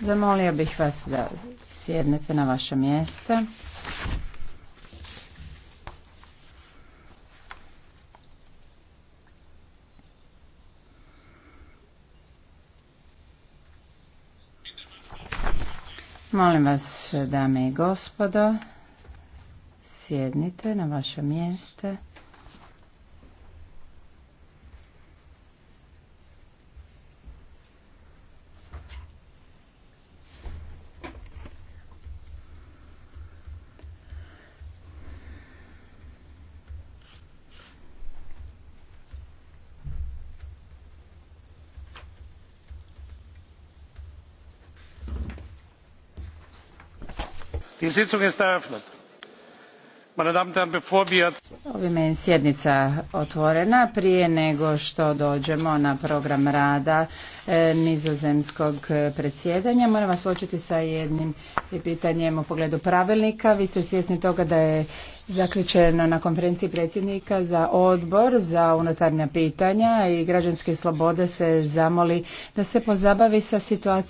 zamolio bih vas da sjednete na vaše mjesta. Molim vas, dame i gospodo, sjednite na vaša mjesta. Die Ovime je sjednica otvorena. Prije nego što dođemo na program rada e, nizozemskog predsjedanja, moram vas suočiti sa jednim pitanjem u pogledu pravilnika. Vi ste svjesni toga da je zaključeno na konferenciji predsjednika za odbor za unutarnja pitanja i građanske slobode se zamoli da se pozabavi sa situacijom